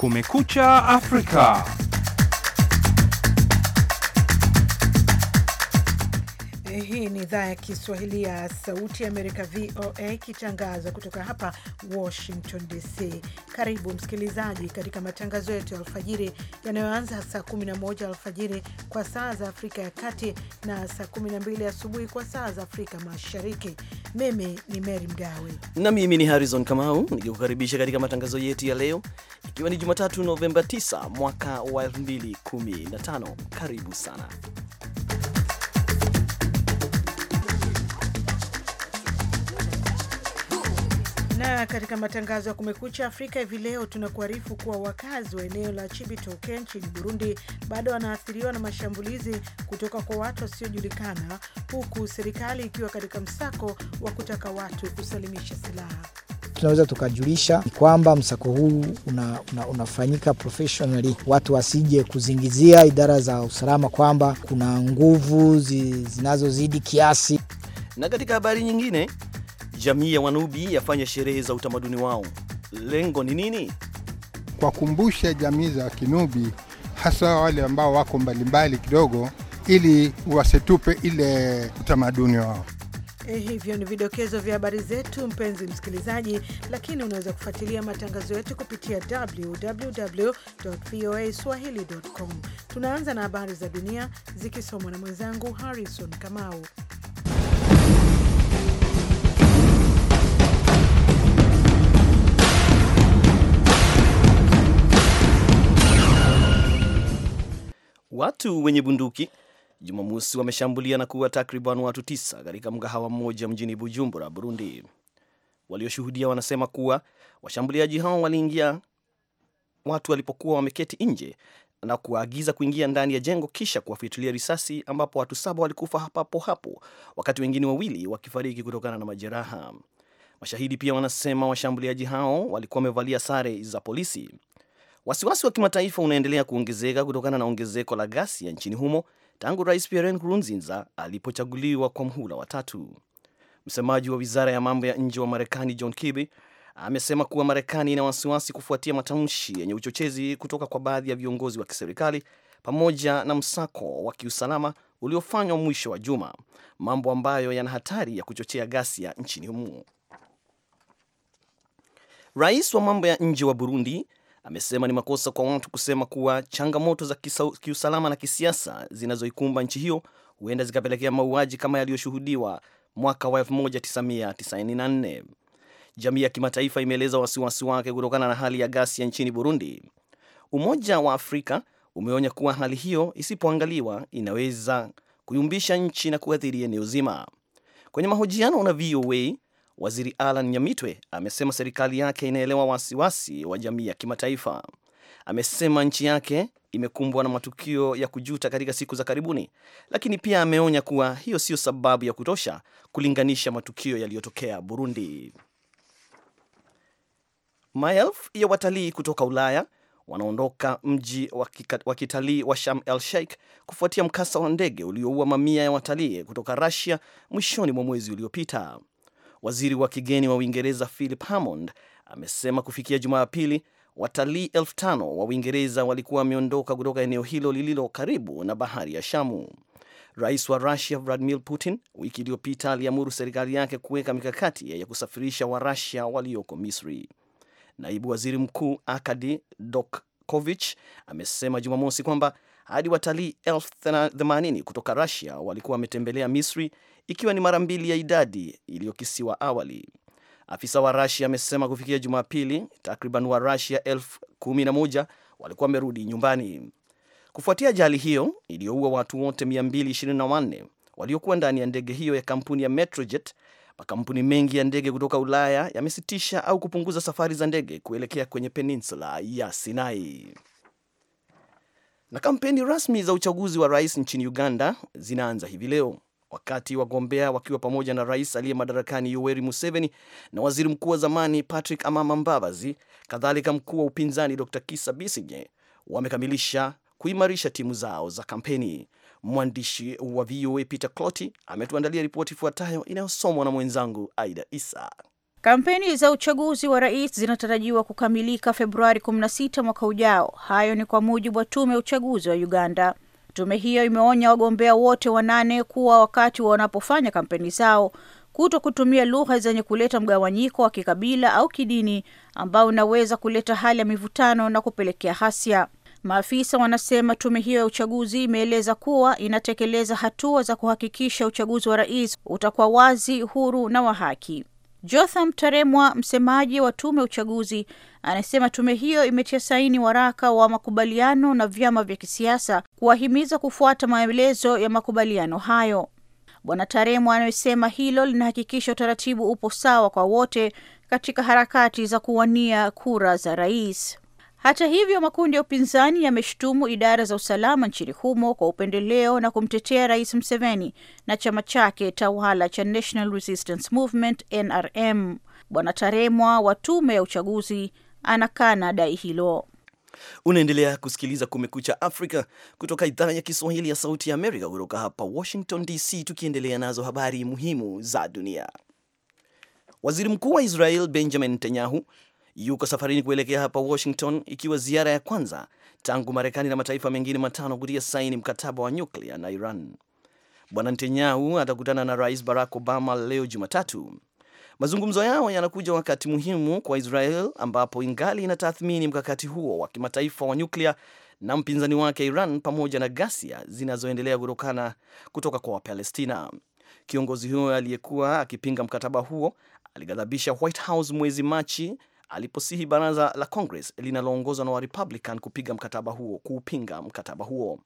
Kumekucha Afrika. Hii ni idhaa ya Kiswahili ya Sauti ya Amerika, VOA, ikitangaza kutoka hapa Washington DC. Karibu msikilizaji katika matangazo yetu ya alfajiri yanayoanza saa 11 alfajiri kwa saa za Afrika ya Kati na saa 12 asubuhi kwa saa za Afrika Mashariki. Mimi ni Mary Mgawe na mimi ni Harrison Kamau nikikukaribisha katika matangazo yetu ya leo, ikiwa ni Jumatatu Novemba 9 mwaka wa 2015. Karibu sana Na katika matangazo ya Kumekucha Afrika hivi leo tunakuarifu kuwa wakazi wa eneo la Chibitoke nchini Burundi bado wanaathiriwa na mashambulizi kutoka kwa watu wasiojulikana, huku serikali ikiwa katika msako wa kutaka watu kusalimisha silaha. Tunaweza tukajulisha ni kwamba msako huu una, una, unafanyika professionally, watu wasije kuzingizia idara za usalama kwamba kuna nguvu zinazozidi kiasi. Na katika habari nyingine Jamii ya Wanubi yafanya sherehe za utamaduni wao, lengo ni nini? kumbusha jamii za Kinubi, hasa wale ambao wako mbalimbali kidogo, ili wasitupe ile utamaduni wao. Eh, hivyo ni vidokezo vya habari zetu, mpenzi msikilizaji, lakini unaweza kufuatilia matangazo yetu kupitia www.voaswahili.com. Tunaanza na habari za dunia zikisomwa na mwenzangu Harrison Kamau. Watu wenye bunduki Jumamosi wameshambulia na kuua takriban watu tisa katika mgahawa mmoja mjini Bujumbura, Burundi. Walioshuhudia wanasema kuwa washambuliaji hao waliingia watu walipokuwa wameketi nje na kuwaagiza kuingia ndani ya jengo kisha kuwafyatulia risasi, ambapo watu saba walikufa hapapo hapo, wakati wengine wawili wakifariki kutokana na majeraha. Mashahidi pia wanasema washambuliaji hao walikuwa wamevalia sare za polisi Wasiwasi wa kimataifa unaendelea kuongezeka kutokana na ongezeko la ghasia nchini humo tangu Rais Pierre Nkurunziza alipochaguliwa kwa mhula wa tatu. Msemaji wa wizara ya mambo ya nje wa Marekani John Kirby amesema kuwa Marekani ina wasiwasi kufuatia matamshi yenye uchochezi kutoka kwa baadhi ya viongozi wa kiserikali pamoja na msako wa kiusalama uliofanywa mwisho wa juma, mambo ambayo yana hatari ya kuchochea ghasia nchini humo. Rais wa mambo ya nje wa Burundi amesema ni makosa kwa watu kusema kuwa changamoto za kiusalama na kisiasa zinazoikumba nchi hiyo huenda zikapelekea mauaji kama yaliyoshuhudiwa mwaka wa 1994. Jamii ya kimataifa imeeleza wasiwasi wake kutokana na hali ya ghasia nchini Burundi. Umoja wa Afrika umeonya kuwa hali hiyo isipoangaliwa inaweza kuyumbisha nchi na kuathiri eneo zima. Kwenye mahojiano na VOA, Waziri Alan Nyamitwe amesema serikali yake inaelewa wasiwasi wa jamii ya kimataifa. Amesema nchi yake imekumbwa na matukio ya kujuta katika siku za karibuni, lakini pia ameonya kuwa hiyo siyo sababu ya kutosha kulinganisha matukio yaliyotokea Burundi. Maelfu ya watalii kutoka Ulaya wanaondoka mji wa kitalii wa Sham El Sheikh kufuatia mkasa wa ndege ulioua mamia ya watalii kutoka Russia mwishoni mwa mwezi uliopita. Waziri wa kigeni wa Uingereza Philip Hammond amesema kufikia Jumapili watalii elfu tano wa Uingereza walikuwa wameondoka kutoka eneo hilo lililo karibu na bahari ya Shamu. Rais wa Rusia Vladimir Putin wiki iliyopita aliamuru serikali yake kuweka mikakati ya kusafirisha Warusia walioko Misri. Naibu waziri mkuu akadi Dokovich amesema Jumamosi kwamba hadi watalii elfu themanini kutoka Rusia walikuwa wametembelea Misri ikiwa ni mara mbili ya idadi iliyokisiwa awali. Afisa wa Rasia amesema kufikia Jumapili takriban wa Rasia elfu kumi na moja walikuwa wamerudi nyumbani kufuatia ajali hiyo iliyoua watu wote 224 waliokuwa ndani ya ndege hiyo ya kampuni ya Metrojet. Makampuni mengi ya ndege kutoka Ulaya yamesitisha au kupunguza safari za ndege kuelekea kwenye peninsula ya Sinai. Na kampeni rasmi za uchaguzi wa rais nchini Uganda zinaanza hivi leo wakati wagombea wakiwa pamoja na rais aliye madarakani Yoweri Museveni na waziri mkuu wa zamani Patrick Amama Mbabazi, kadhalika mkuu wa upinzani Dr. kisa Bisinge wamekamilisha kuimarisha timu zao za kampeni. Mwandishi wa VOA Peter Cloti ametuandalia ripoti ifuatayo inayosomwa na mwenzangu Aida Isa. Kampeni za uchaguzi wa rais zinatarajiwa kukamilika Februari 16 mwaka ujao. Hayo ni kwa mujibu wa tume ya uchaguzi wa Uganda. Tume hiyo imeonya wagombea wote wanane kuwa wakati wanapofanya kampeni zao kuto kutumia lugha zenye kuleta mgawanyiko wa kikabila au kidini ambao unaweza kuleta hali ya mivutano na kupelekea hasia. Maafisa wanasema tume hiyo ya uchaguzi imeeleza kuwa inatekeleza hatua za kuhakikisha uchaguzi wa rais utakuwa wazi, huru na wa haki. Jotham Taremwa, msemaji wa tume ya uchaguzi, anasema tume hiyo imetia saini waraka wa makubaliano na vyama vya kisiasa kuwahimiza kufuata maelezo ya makubaliano hayo. Bwana Taremwa anasema hilo linahakikisha utaratibu upo sawa kwa wote katika harakati za kuwania kura za rais. Hata hivyo, makundi ya upinzani yameshutumu idara za usalama nchini humo kwa upendeleo na kumtetea Rais Mseveni na chama chake tawala cha National Resistance Movement NRM. Bwana Taremwa wa tume ya uchaguzi anakana dai hilo. Unaendelea kusikiliza Kumekucha Afrika kutoka idhaa ya Kiswahili ya Sauti ya Amerika kutoka hapa Washington DC, tukiendelea nazo habari muhimu za dunia. Waziri Mkuu wa Israel Benjamin Netanyahu yuko safarini kuelekea hapa Washington, ikiwa ziara ya kwanza tangu Marekani na mataifa mengine matano kutia saini mkataba wa nyuklia na Iran. Bwana Netanyahu atakutana na Rais Barack Obama leo Jumatatu. Mazungumzo yao yanakuja wakati muhimu kwa Israel ambapo ingali inatathmini mkakati huo wa kimataifa wa nyuklia na mpinzani wake Iran pamoja na ghasia zinazoendelea kutokana kutoka kwa Wapalestina. Kiongozi huyo aliyekuwa akipinga mkataba huo alighadhabisha White House mwezi Machi aliposihi baraza la Congress linaloongozwa na Warepublican kupiga mkataba huo kuupinga mkataba huo.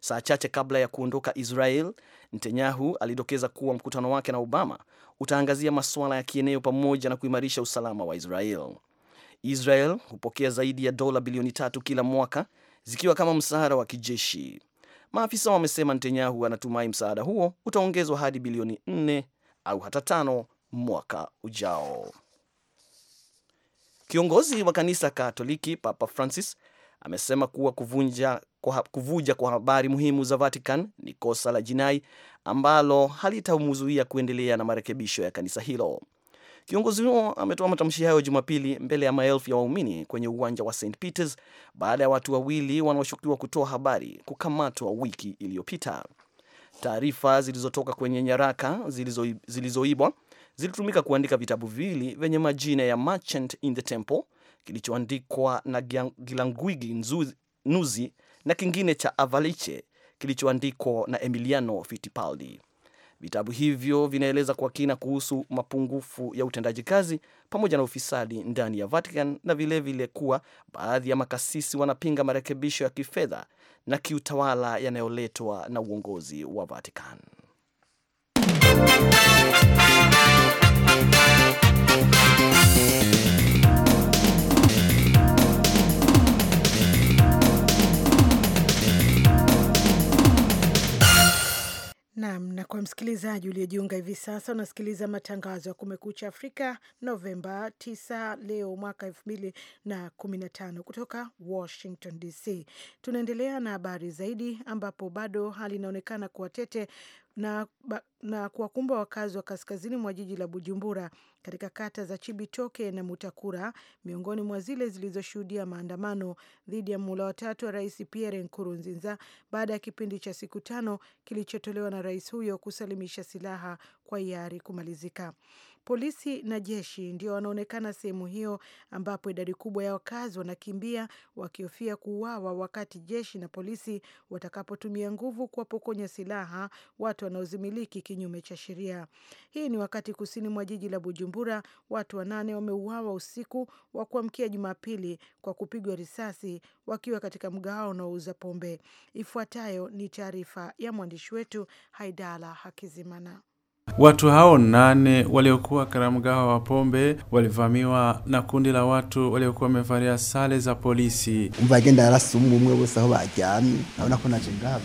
Saa chache kabla ya kuondoka Israel, Netanyahu alidokeza kuwa mkutano wake na Obama utaangazia masuala ya kieneo pamoja na kuimarisha usalama wa Israel. Israel hupokea zaidi ya dola bilioni tatu kila mwaka zikiwa kama msaada wa kijeshi. Maafisa wamesema Netanyahu anatumai msaada huo utaongezwa hadi bilioni nne au hata tano mwaka ujao. Kiongozi wa kanisa Katoliki Papa Francis amesema kuwa kuvunja kwa, kuvuja kwa habari muhimu za Vatican ni kosa la jinai ambalo halitamzuia kuendelea na marekebisho ya kanisa hilo. Kiongozi huo ametoa matamshi hayo Jumapili mbele ya maelfu ya waumini kwenye uwanja wa St Peters baada ya watu wawili wanaoshukiwa kutoa habari kukamatwa wiki iliyopita. Taarifa zilizotoka kwenye nyaraka zilizoibwa zilizo zilitumika kuandika vitabu viwili vyenye majina ya Merchant in the Temple kilichoandikwa na Gilangwigi Nuzi na kingine cha Avaliche kilichoandikwa na Emiliano Fittipaldi. Vitabu hivyo vinaeleza kwa kina kuhusu mapungufu ya utendaji kazi pamoja na ufisadi ndani ya Vatican na vilevile vile kuwa baadhi ya makasisi wanapinga marekebisho ya kifedha na kiutawala yanayoletwa na uongozi wa Vatican. Nam na kwa msikilizaji uliojiunga hivi sasa, unasikiliza matangazo ya Kumekucha Afrika Novemba 9 leo mwaka elfu mbili na kumi na tano kutoka Washington DC. Tunaendelea na habari zaidi, ambapo bado hali inaonekana kuwa tete na, na kuwakumba wakazi wa kaskazini mwa jiji la Bujumbura katika kata za Chibitoke na Mutakura miongoni mwa zile zilizoshuhudia maandamano dhidi ya muhula watatu wa Rais Pierre Nkurunziza baada ya kipindi cha siku tano kilichotolewa na rais huyo kusalimisha silaha kwa hiari kumalizika. Polisi na jeshi ndio wanaonekana sehemu hiyo ambapo idadi kubwa ya wakazi wanakimbia wakihofia kuuawa wakati jeshi na polisi watakapotumia nguvu kuwapokonya silaha watu wanaozimiliki kinyume cha sheria. Hii ni wakati kusini mwa jiji la Bujumbura watu wanane wameuawa usiku wa kuamkia Jumapili kwa kupigwa risasi wakiwa katika mgahawa unaouza pombe. Ifuatayo ni taarifa ya mwandishi wetu Haidala Hakizimana. Watu hao nane waliokuwa karamgaha wa pombe walivamiwa na kundi la watu waliokuwa wamevalia sare za polisi umva agenda yarasa umwe wese aho bajyamye urabona ko naje ngaha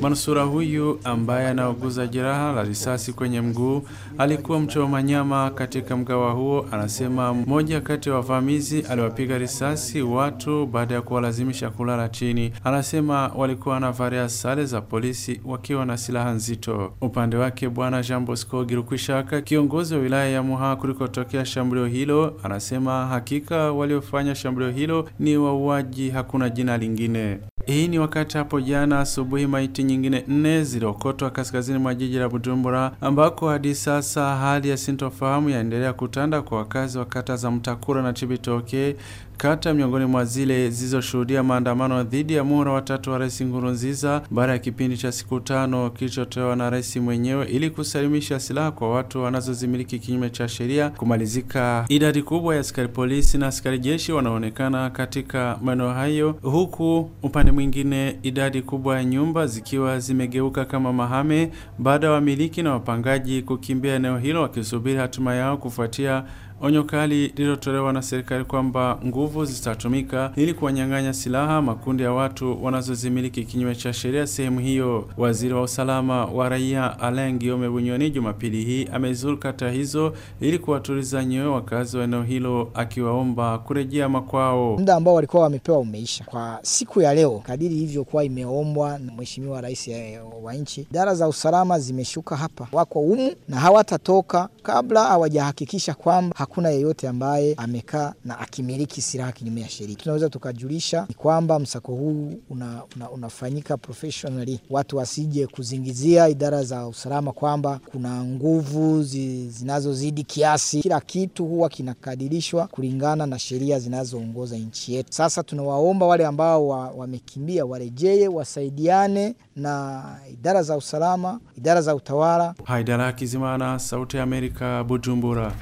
Manusura huyu ambaye anauguza jeraha la risasi kwenye mguu alikuwa mchoma nyama katika mgawa huo. Anasema mmoja kati ya wavamizi aliwapiga risasi watu baada ya kuwalazimisha kulala chini. Anasema walikuwa wanavalia sare za polisi wakiwa na silaha nzito. Upande wake, Bwana Jean Bosco Girukwishaka, kiongozi wa wilaya ya Muha kulikotokea shambulio hilo, anasema hakika waliofanya shambulio hilo ni wauaji, hakuna jina lingine. Hii ni wakati hapo jana asubuhi asubuhi maiti nyingine nne ziliokotwa kaskazini mwa jiji la Bujumbura, ambako hadi sasa hali ya sintofahamu yaendelea kutanda kwa wakazi wa kata za Mtakura na Chibitoke kata miongoni mwa zile zilizoshuhudia maandamano dhidi ya muhula watatu wa Rais Nkurunziza baada ya kipindi cha siku tano kilichotolewa na rais mwenyewe ili kusalimisha silaha kwa watu wanazozimiliki kinyume cha sheria kumalizika. Idadi kubwa ya askari polisi na askari jeshi wanaonekana katika maeneo hayo, huku upande mwingine idadi kubwa ya nyumba zikiwa zimegeuka kama mahame baada ya wamiliki na wapangaji kukimbia eneo hilo wakisubiri hatima yao kufuatia Onyo kali lililotolewa na serikali kwamba nguvu zitatumika ili kuwanyang'anya silaha makundi ya watu wanazozimiliki kinyume cha sheria sehemu hiyo. Waziri wa usalama wa raia Alain Guillaume Bunyoni Jumapili hii amezuru kata hizo ili kuwatuliza nyoyo wakazi wa eneo hilo, akiwaomba kurejea makwao. Muda ambao walikuwa wamepewa umeisha kwa siku ya leo, kadiri ilivyokuwa imeombwa na Mheshimiwa Rais eh, wa nchi. Idara za usalama zimeshuka hapa, wako umu na hawatatoka kabla hawajahakikisha kwamba hakuna yeyote ambaye amekaa na akimiliki silaha kinyume ya sheria. Tunaweza tukajulisha ni kwamba msako huu una, una, unafanyika professionally, watu wasije kuzingizia idara za usalama kwamba kuna nguvu zi, zinazozidi kiasi. Kila kitu huwa kinakadirishwa kulingana na sheria zinazoongoza nchi yetu. Sasa tunawaomba wale ambao wamekimbia wa warejee, wasaidiane na idara za usalama, idara za utawala. Haidara Kizimana, Sauti ya Amerika, Bujumbura.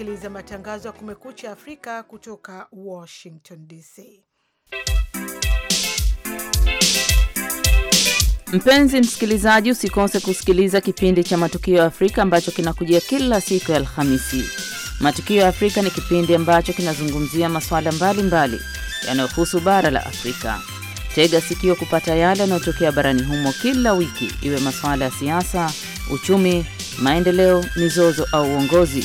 unasikiliza matangazo ya Kumekucha Afrika kutoka Washington DC. Mpenzi msikilizaji, usikose kusikiliza kipindi cha Matukio ya Afrika ambacho kinakujia kila siku ya Alhamisi. Matukio ya Afrika ni kipindi ambacho kinazungumzia masuala mbalimbali yanayohusu bara la Afrika. Tega sikio kupata yale yanayotokea barani humo kila wiki, iwe masuala ya siasa, uchumi, maendeleo, mizozo au uongozi.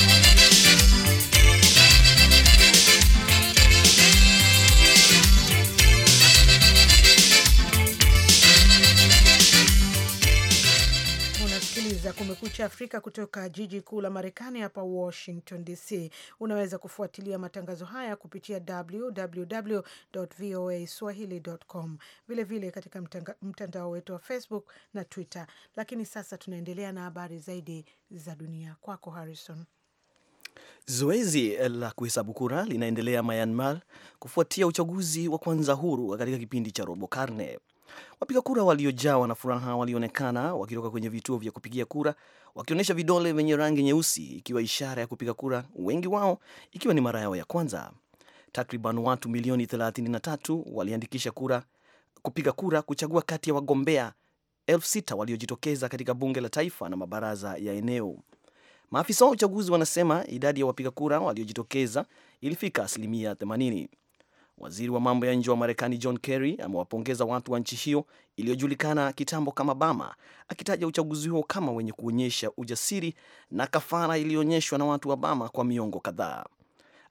Kumekucha Afrika kutoka jiji kuu la Marekani, hapa Washington DC. Unaweza kufuatilia matangazo haya kupitia www voa swahili.com, vilevile katika mtandao wetu wa Facebook na Twitter. Lakini sasa tunaendelea na habari zaidi za dunia. Kwako Harrison. Zoezi la kuhesabu kura linaendelea Myanmar kufuatia uchaguzi wa kwanza huru katika kipindi cha robo karne. Wapiga kura waliojawa na furaha walionekana wakitoka kwenye vituo vya kupigia kura wakionyesha vidole vyenye rangi nyeusi ikiwa ishara ya kupiga kura, wengi wao ikiwa ni mara yao ya kwanza. Takriban watu milioni 33 waliandikisha kura, kupiga kura kuchagua kati ya wagombea elfu sita waliojitokeza katika bunge la taifa na mabaraza ya eneo. Maafisa wa uchaguzi wanasema idadi ya wapiga kura waliojitokeza ilifika asilimia 80. Waziri wa mambo ya nje wa Marekani John Kerry amewapongeza watu wa nchi hiyo iliyojulikana kitambo kama Bama, akitaja uchaguzi huo kama wenye kuonyesha ujasiri na kafara iliyoonyeshwa na watu wa Bama kwa miongo kadhaa.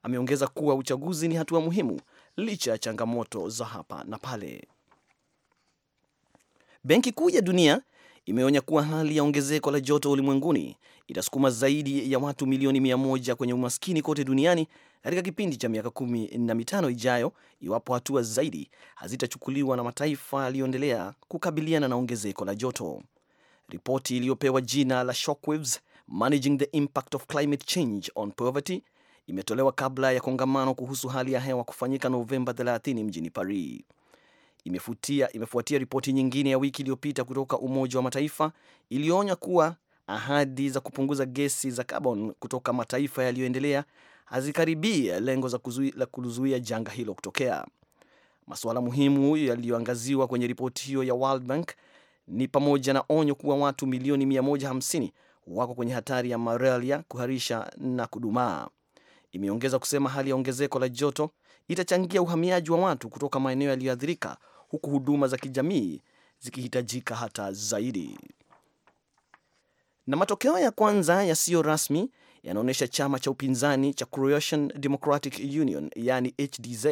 Ameongeza kuwa uchaguzi ni hatua muhimu licha ya changamoto za hapa na pale. Benki Kuu ya Dunia imeonya kuwa hali ya ongezeko la joto ulimwenguni itasukuma zaidi ya watu milioni mia moja kwenye umaskini kote duniani katika kipindi cha miaka kumi na mitano ijayo iwapo hatua zaidi hazitachukuliwa na mataifa yaliyoendelea kukabiliana na ongezeko la joto. Ripoti iliyopewa jina la Shockwaves Managing the Impact of Climate Change on Poverty imetolewa kabla ya kongamano kuhusu hali ya hewa kufanyika Novemba 30 mjini Paris. Imefuatia, imefuatia ripoti nyingine ya wiki iliyopita kutoka Umoja wa Mataifa iliyoonya kuwa ahadi za kupunguza gesi za kaboni kutoka mataifa yaliyoendelea hazikaribii lengo za kuzui, la kuzuia janga hilo kutokea. Masuala muhimu yaliyoangaziwa kwenye ripoti hiyo ya World Bank ni pamoja na onyo kuwa watu milioni 150 wako kwenye hatari ya malaria kuharisha na kudumaa. Imeongeza kusema hali ya ongezeko la joto itachangia uhamiaji wa watu kutoka maeneo yaliyoathirika huku huduma za kijamii zikihitajika hata zaidi. Na matokeo ya kwanza yasiyo rasmi yanaonyesha chama cha upinzani cha Croatian Democratic Union yani HDZ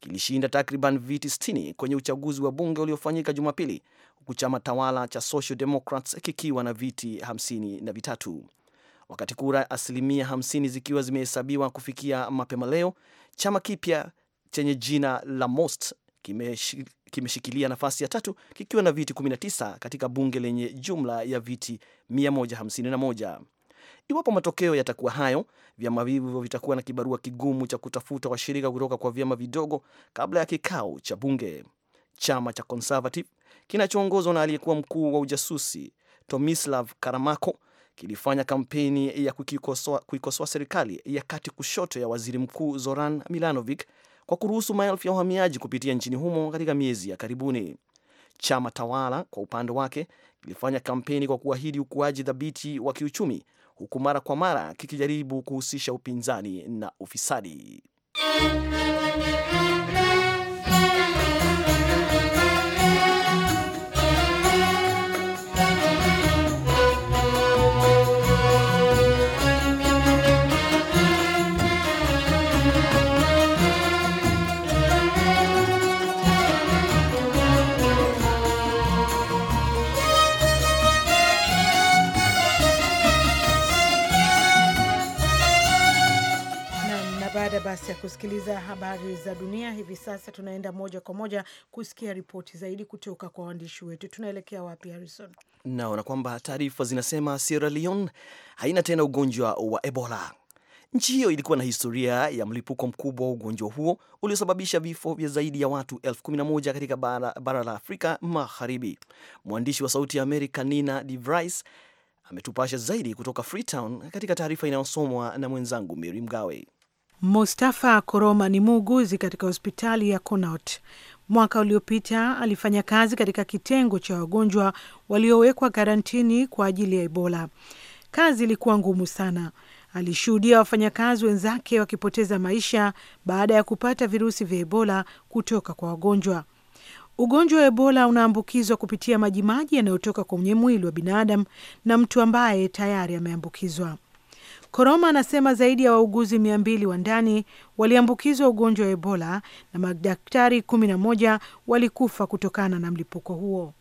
kilishinda takriban viti 60 kwenye uchaguzi wa bunge uliofanyika Jumapili, huku chama tawala cha Social Democrats kikiwa na viti 5 na vitatu. Wakati kura asilimia 50 zikiwa zimehesabiwa kufikia mapema leo, chama kipya chenye jina la Most kimeshikilia nafasi ya tatu kikiwa na viti 19 katika bunge lenye jumla ya viti 151. Iwapo matokeo yatakuwa hayo, vyama hivyo vitakuwa na kibarua kigumu cha kutafuta washirika kutoka kwa vyama vidogo kabla ya kikao cha bunge. Chama cha Conservative kinachoongozwa na aliyekuwa mkuu wa ujasusi Tomislav karamako kilifanya kampeni ya kuikosoa serikali ya kati kushoto ya waziri mkuu Zoran Milanovic kwa kuruhusu maelfu ya wahamiaji kupitia nchini humo katika miezi ya karibuni. Chama tawala kwa upande wake kilifanya kampeni kwa kuahidi ukuaji thabiti wa kiuchumi huku mara kwa mara kikijaribu kuhusisha upinzani na ufisadi. Baada basi ya kusikiliza habari za dunia, hivi sasa tunaenda moja kwa moja kusikia ripoti zaidi kutoka kwa waandishi wetu. Tunaelekea wapi, Harrison? Naona kwamba taarifa zinasema Sierra Leone haina tena ugonjwa wa Ebola. Nchi hiyo ilikuwa na historia ya mlipuko mkubwa wa ugonjwa huo uliosababisha vifo vya zaidi ya watu elfu kumi na moja katika bara, bara la Afrika Magharibi. Mwandishi wa Sauti ya Amerika Nina de ametupasha zaidi kutoka Freetown katika taarifa inayosomwa na mwenzangu Mary Mgawe. Mustafa Koroma ni muuguzi katika hospitali ya Connaught. Mwaka uliopita alifanya kazi katika kitengo cha wagonjwa waliowekwa karantini kwa ajili ya Ebola. Kazi ilikuwa ngumu sana. Alishuhudia wafanyakazi wenzake wakipoteza maisha baada ya kupata virusi vya Ebola kutoka kwa wagonjwa. Ugonjwa wa Ebola unaambukizwa kupitia majimaji yanayotoka kwenye mwili wa binadamu na mtu ambaye tayari ameambukizwa. Koroma anasema zaidi ya wauguzi mia mbili wa ndani waliambukizwa ugonjwa wa Ebola na madaktari 11 walikufa kutokana na mlipuko huo.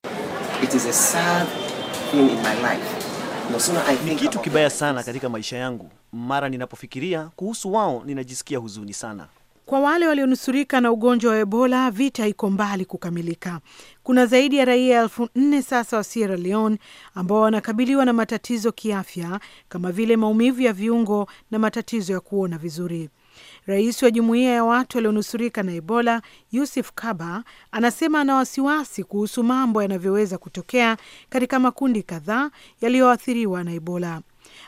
It is a sad thing in my life. Ni kitu kibaya sana katika maisha yangu. Mara ninapofikiria kuhusu wao, ninajisikia huzuni sana. Kwa wale walionusurika na ugonjwa wa Ebola, vita iko mbali kukamilika. Kuna zaidi ya raia elfu nne sasa wa Sierra Leone ambao wanakabiliwa na matatizo kiafya kama vile maumivu ya viungo na matatizo ya kuona vizuri. Rais wa jumuiya ya watu walionusurika na Ebola, Yusuf Kaba, anasema ana wasiwasi kuhusu mambo yanavyoweza kutokea katika makundi kadhaa yaliyoathiriwa na Ebola.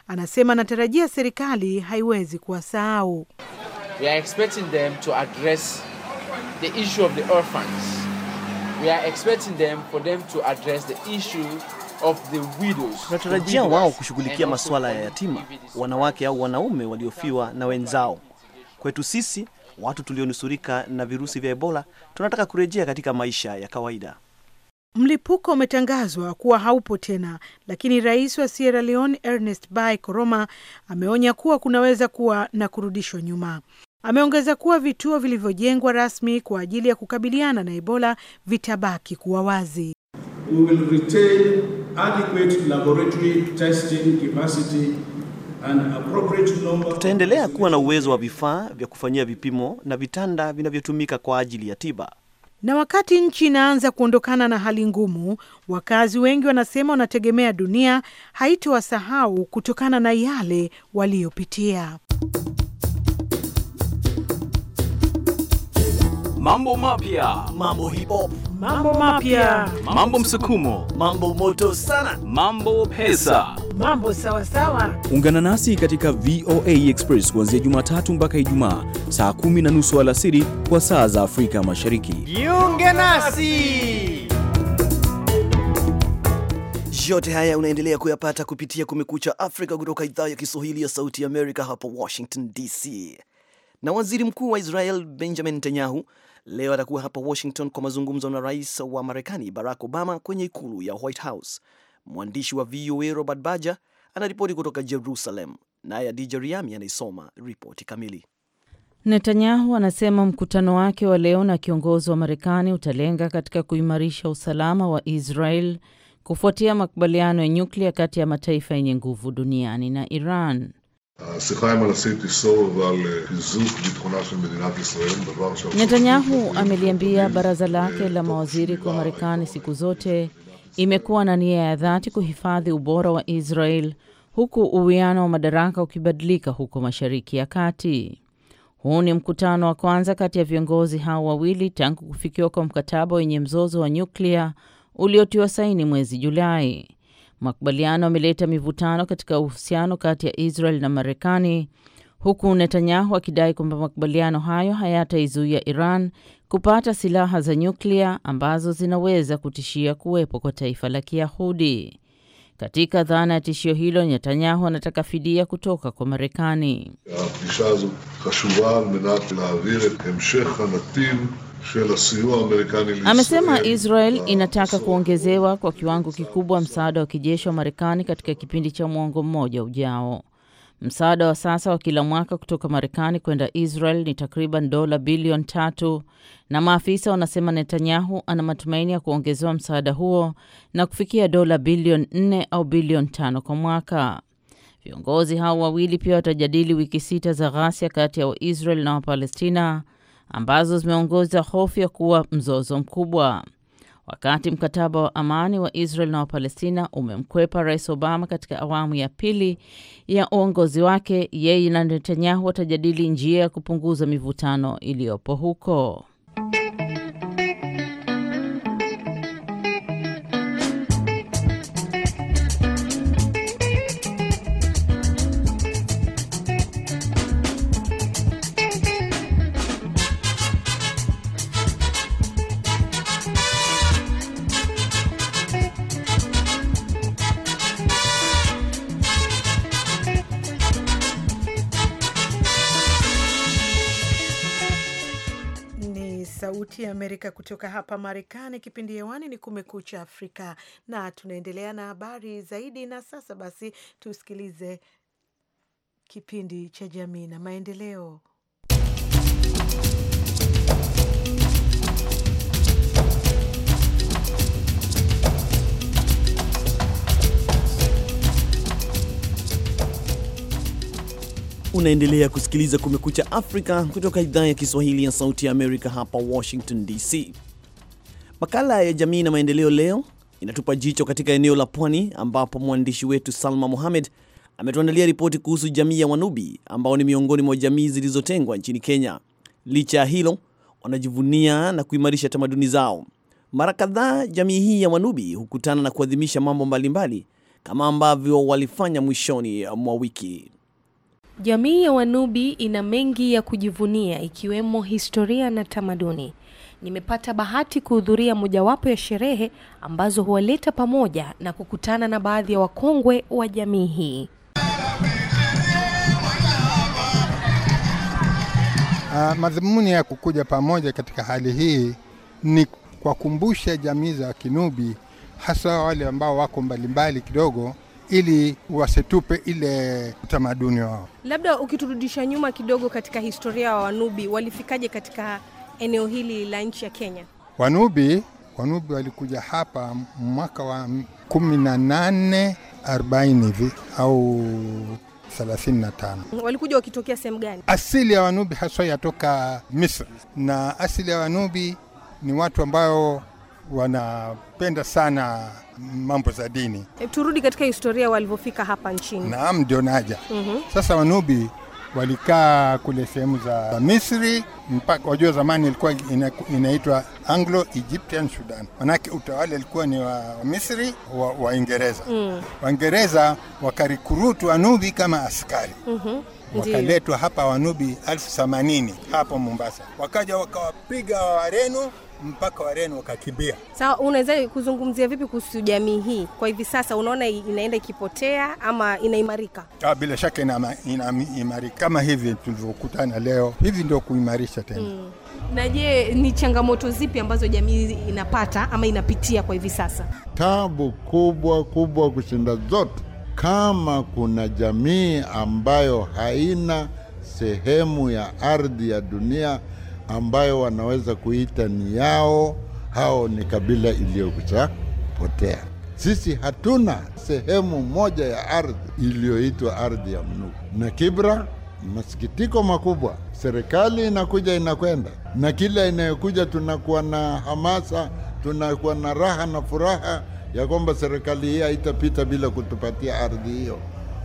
Anasema anatarajia serikali haiwezi kuwasahau. We are expecting them to address the issue of the orphans. We are expecting them for them to address the issue of the widows. Tunatarajia wao kushughulikia masuala ya yatima, wanawake au wanaume waliofiwa na wenzao. Kwetu sisi watu tulionusurika na virusi vya Ebola, tunataka kurejea katika maisha ya kawaida. Mlipuko umetangazwa kuwa haupo tena, lakini rais wa Sierra Leone Ernest Bai Koroma ameonya kuwa kunaweza kuwa na kurudishwa nyuma. Ameongeza kuwa vituo vilivyojengwa rasmi kwa ajili ya kukabiliana na Ebola vitabaki kuwa wazi. We will retain adequate laboratory testing capacity and appropriate number. Tutaendelea kuwa na uwezo wa vifaa vya kufanyia vipimo na vitanda vinavyotumika kwa ajili ya tiba. Na wakati nchi inaanza kuondokana na hali ngumu, wakazi wengi wanasema wanategemea dunia haitowasahau kutokana na yale waliyopitia. Mambo mapya, mambo hip hop, mambo mapya, mambo msukumo, mambo moto sana, mambo pesa mambo sawa sawa. Ungana nasi katika VOA Express kuanzia Jumatatu mpaka Ijumaa saa kumi na nusu alasiri kwa saa za Afrika Mashariki. Jiunge nasi. Yote haya unaendelea kuyapata kupitia Kumekucha Afrika kutoka idhaa ya Kiswahili ya Sauti ya Amerika hapa Washington DC. Na waziri mkuu wa Israel Benjamin Netanyahu leo atakuwa hapa Washington kwa mazungumzo na rais wa Marekani Barack Obama kwenye ikulu ya White House. Mwandishi wa VOA Robert baja anaripoti kutoka Jerusalem, naye Adija Riami anaisoma ripoti kamili. Netanyahu anasema mkutano wake wa leo na kiongozi wa Marekani utalenga katika kuimarisha usalama wa Israel kufuatia makubaliano ya nyuklia kati ya mataifa yenye nguvu duniani na Iran. Netanyahu ameliambia baraza lake la mawaziri kwa Marekani siku zote imekuwa na nia ya dhati kuhifadhi ubora wa Israel huku uwiano wa madaraka ukibadilika huko Mashariki ya Kati. Huu ni mkutano wa kwanza kati ya viongozi hao wawili tangu kufikiwa kwa mkataba wenye mzozo wa nyuklia uliotiwa saini mwezi Julai. Makubaliano yameleta mivutano katika uhusiano kati ya Israel na Marekani, huku Netanyahu akidai kwamba makubaliano hayo hayataizuia Iran kupata silaha za nyuklia ambazo zinaweza kutishia kuwepo kwa taifa la Kiyahudi. Katika dhana ya tishio hilo, Netanyahu anataka fidia kutoka kwa Marekani. Amesema Israel inataka kuongezewa kwa kiwango kikubwa msaada wa kijeshi wa Marekani katika kipindi cha mwongo mmoja ujao. Msaada wa sasa wa kila mwaka kutoka Marekani kwenda Israel ni takriban dola bilioni tatu, na maafisa wanasema Netanyahu ana matumaini ya kuongezewa msaada huo na kufikia dola bilioni nne au bilioni tano kwa mwaka. Viongozi hao wawili pia watajadili wiki sita za ghasia kati ya Waisrael na Wapalestina ambazo zimeongoza hofu ya kuwa mzozo mkubwa wakati mkataba wa amani wa Israel na Wapalestina umemkwepa Rais Obama katika awamu ya pili ya uongozi wake, yeye na Netanyahu watajadili njia ya kupunguza mivutano iliyopo huko. Sauti ya Amerika kutoka hapa Marekani. Kipindi hewani ni Kumekucha Afrika na tunaendelea na habari zaidi. Na sasa basi, tusikilize kipindi cha Jamii na Maendeleo. Unaendelea kusikiliza Kumekucha Afrika kutoka idhaa ya Kiswahili ya Sauti ya Amerika, hapa Washington DC. Makala ya Jamii na Maendeleo leo inatupa jicho katika eneo la pwani, ambapo mwandishi wetu Salma Mohamed ametuandalia ripoti kuhusu jamii ya Wanubi ambao ni miongoni mwa jamii zilizotengwa nchini Kenya. Licha ya hilo, wanajivunia na kuimarisha tamaduni zao. Mara kadhaa jamii hii ya Wanubi hukutana na kuadhimisha mambo mbalimbali kama ambavyo walifanya mwishoni mwa wiki. Jamii ya Wanubi ina mengi ya kujivunia ikiwemo historia na tamaduni. Nimepata bahati kuhudhuria mojawapo ya sherehe ambazo huwaleta pamoja na kukutana na baadhi ya wakongwe wa jamii hii. Uh, madhumuni ya kukuja pamoja katika hali hii ni kuwakumbusha jamii za Kinubi hasa wale ambao wako mbalimbali kidogo ili wasitupe ile utamaduni wao. Labda ukiturudisha nyuma kidogo katika historia ya wa Wanubi, walifikaje katika eneo hili la nchi ya Kenya? Wanubi Wanubi walikuja hapa mwaka wa 1840 hivi au 35. Walikuja wakitokea sehemu gani? Asili ya Wanubi haswa yatoka Misri, na asili ya Wanubi ni watu ambao wanapenda sana mambo za dini. E, turudi katika historia walivyofika hapa nchini. Naam, ndio naja. mm-hmm. Sasa Wanubi walikaa kule sehemu za Misri mpaka wajua, zamani ilikuwa ina, inaitwa Anglo Egyptian Sudan, manake utawala ilikuwa ni wa Misri wa Waingereza. mm. Waingereza wakarikurutu Wanubi kama askari mm-hmm. Wakaletwa hapa Wanubi elfu themanini hapo Mombasa, wakaja wakawapiga Wareno mpaka Wareno wakakimbia. Sawa, unaweza kuzungumzia vipi kuhusu jamii hii kwa hivi sasa? Unaona inaenda ikipotea ama inaimarika? Ah, bila shaka inaimarika kama hivi tulivyokutana leo, hivi ndio kuimarisha tena mm. Na je, ni changamoto zipi ambazo jamii inapata ama inapitia kwa hivi sasa? Tabu kubwa kubwa kushinda zote, kama kuna jamii ambayo haina sehemu ya ardhi ya dunia ambayo wanaweza kuita ni yao. Hao ni kabila potea Sisi hatuna sehemu moja ya ardhi iliyoitwa ardhi ya mnuku na Kibra. Masikitiko makubwa, serikali inakuja inakwenda, na kila inayokuja tunakuwa na hamasa, tunakuwa na raha na furaha ya kwamba serikali hii haitapita bila kutupatia ardhi hiyo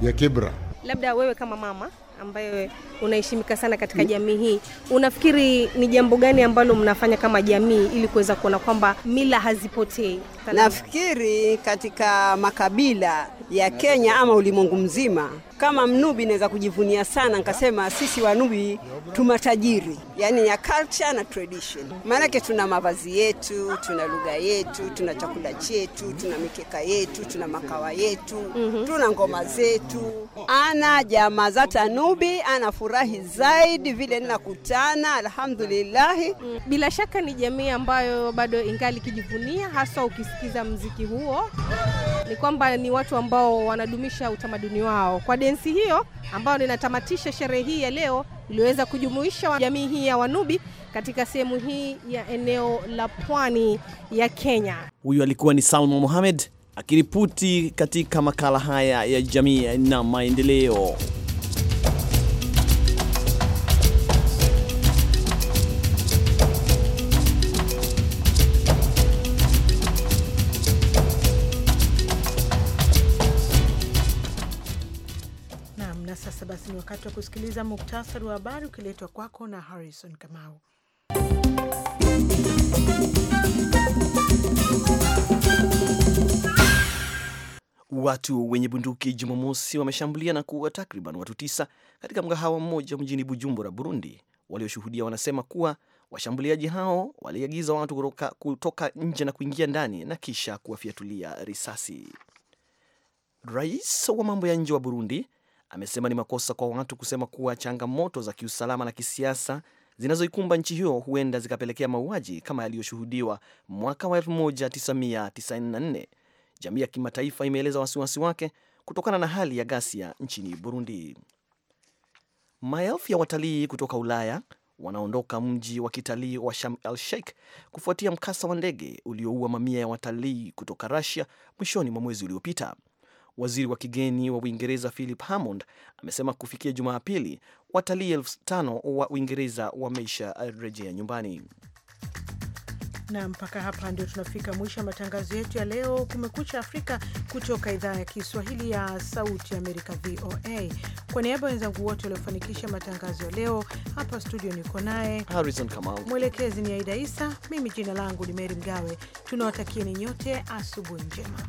ya Kibra. Labda wewe kama mama ambayo unaheshimika sana katika mm. jamii hii, unafikiri ni jambo gani ambalo mnafanya kama jamii ili kuweza kuona kwamba mila hazipotei? Nafikiri katika makabila ya Kenya ama ulimwengu mzima kama Mnubi naweza kujivunia sana nikasema sisi Wanubi tumatajiri, yani ya culture na tradition, maanake tuna mavazi yetu, tuna lugha yetu, tuna chakula chetu, tuna mikeka yetu, tuna makawa yetu mm -hmm. tuna ngoma zetu. Ana jamaa za Tanubi anafurahi zaidi vile ninakutana, alhamdulillahi. Mm. Bila shaka ni jamii ambayo bado ingali kijivunia, haswa ukisikiza mziki huo, ni kwamba ni watu ambao wanadumisha utamaduni wao kwa Jensi hiyo ambayo ninatamatisha sherehe hii ya leo iliyoweza kujumuisha jamii hii ya Wanubi katika sehemu hii ya eneo la pwani ya Kenya. Huyu alikuwa ni Salma Mohamed akiripoti katika makala haya ya jamii na maendeleo. Ni wakati wa kusikiliza muktasari wa habari ukiletwa kwako na Harrison Kamau. Watu wenye bunduki Jumamosi wameshambulia na kuua takriban watu tisa katika mgahawa mmoja mjini Bujumbura, Burundi. Walioshuhudia wanasema kuwa washambuliaji hao waliagiza watu kutoka, kutoka nje na kuingia ndani na kisha kuwafyatulia risasi. Rais wa mambo ya nje wa Burundi amesema ni makosa kwa watu kusema kuwa changamoto za kiusalama na kisiasa zinazoikumba nchi hiyo huenda zikapelekea mauaji kama yaliyoshuhudiwa mwaka wa 1994. Jamii ya kimataifa imeeleza wasiwasi wake kutokana na hali ya ghasia nchini Burundi. Maelfu ya watalii kutoka Ulaya wanaondoka mji wa kitalii wa Sham el Sheikh kufuatia mkasa wa ndege ulioua mamia ya watalii kutoka Russia mwishoni mwa mwezi uliopita. Waziri wa kigeni wa Uingereza Philip Hammond amesema kufikia Jumapili watalii elfu tano wa Uingereza rejea nyumbani. Na mpaka hapa ndio tunafika mwisho wa matangazo yetu ya leo, Kumekucha Afrika, kutoka idhaa ya Kiswahili ya Sauti Amerika, VOA. Kwa niaba ya wenzangu wote waliofanikisha matangazo ya leo, hapa studio niko naye Harrison Kamau, mwelekezi ni Aida Isa, mimi jina langu ni Meri Mgawe. Tunawatakieni nyote asubuhi njema.